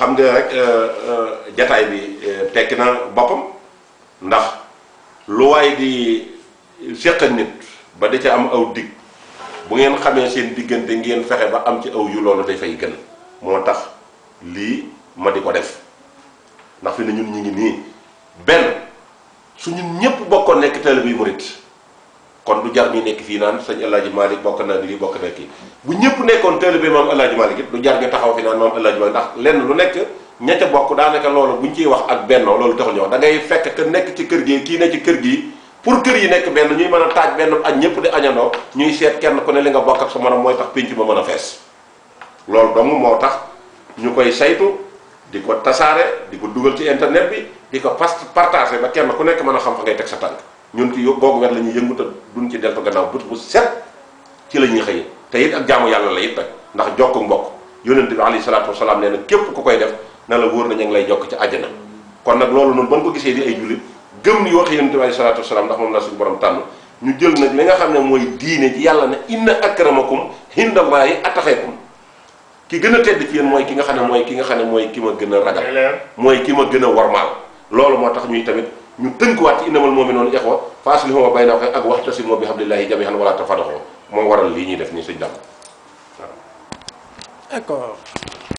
xam nga rek euh, euh, jataay bi euh, tekki na boppam ndax lu waay di séq nit ba di ci am aw digg bu ngeen xamee seen diggante ngeen fexe ba am ci aw yu loolu dafay gën moo tax lii ma di ko def ndax fi ne ñun ñu ngi nii benn su ñun ñëpp bokkoon nekk taalibe murit kon du jar ñu nekk fii naan sañ El Hadj Malick bokk na lii bokk na kii bu ñëpp nekkoon taalibe maam El Hadj Malick it du jar ñu taxaw fi naan maam El Hadj ndax lenn lu nekk ña ca bokk daanaka loolu bu ñu ciy wax ak bennoo loolu taxul ñu wax da ngay fekk que nekk ci kër gi kii ne ci kër gi pour kër yi nekk benn ñuy mën a taaj benn ak ñëpp di añandoo ñuy seet kenn ku ne li nga bokk ak sa morom mooy tax pénc ma mën a fees loolu dong moo tax ñu koy saytu di ko tasaare di ko dugal ci internet bi di ko pas partagé ba kenn ku nekk mën a xam fa ngay teg sa tànk ñun ci googu wet la ñuy yëngu te bi del fa gannaaw bët bu set ci la ñuy xëy te it ak jaamu yàlla la it nag ndax jokk mbokk yonente bi alayhi salaatu wasalaam nee na képp ku koy def na la wóor na ñu ngi lay jokk ci àjjana kon nag loolu noonu ban ko gisee di ay jullit gëm ni wax yonente bi alayhi salaatu wasalaam ndax moom la suñu borom tànn ñu jël nag li nga xam ne mooy diine ji yàlla ne inna akramakum hindallaahi ataxeekum ki gën a tedd ci yéen mooy ki nga xam ne mooy ki nga xam ne mooy ki ma gën a ragal mooy ki ma gën a warmaal loolu moo tax ñuy tamit ñu tënkuwaat ci innamal mu'minuuna ixwa fa aslihu bayna ak wa'tasimu bi hablillahi jamii'an wala tafarraqu moo waral lii ñuy def nii sëñ dàmm waaw.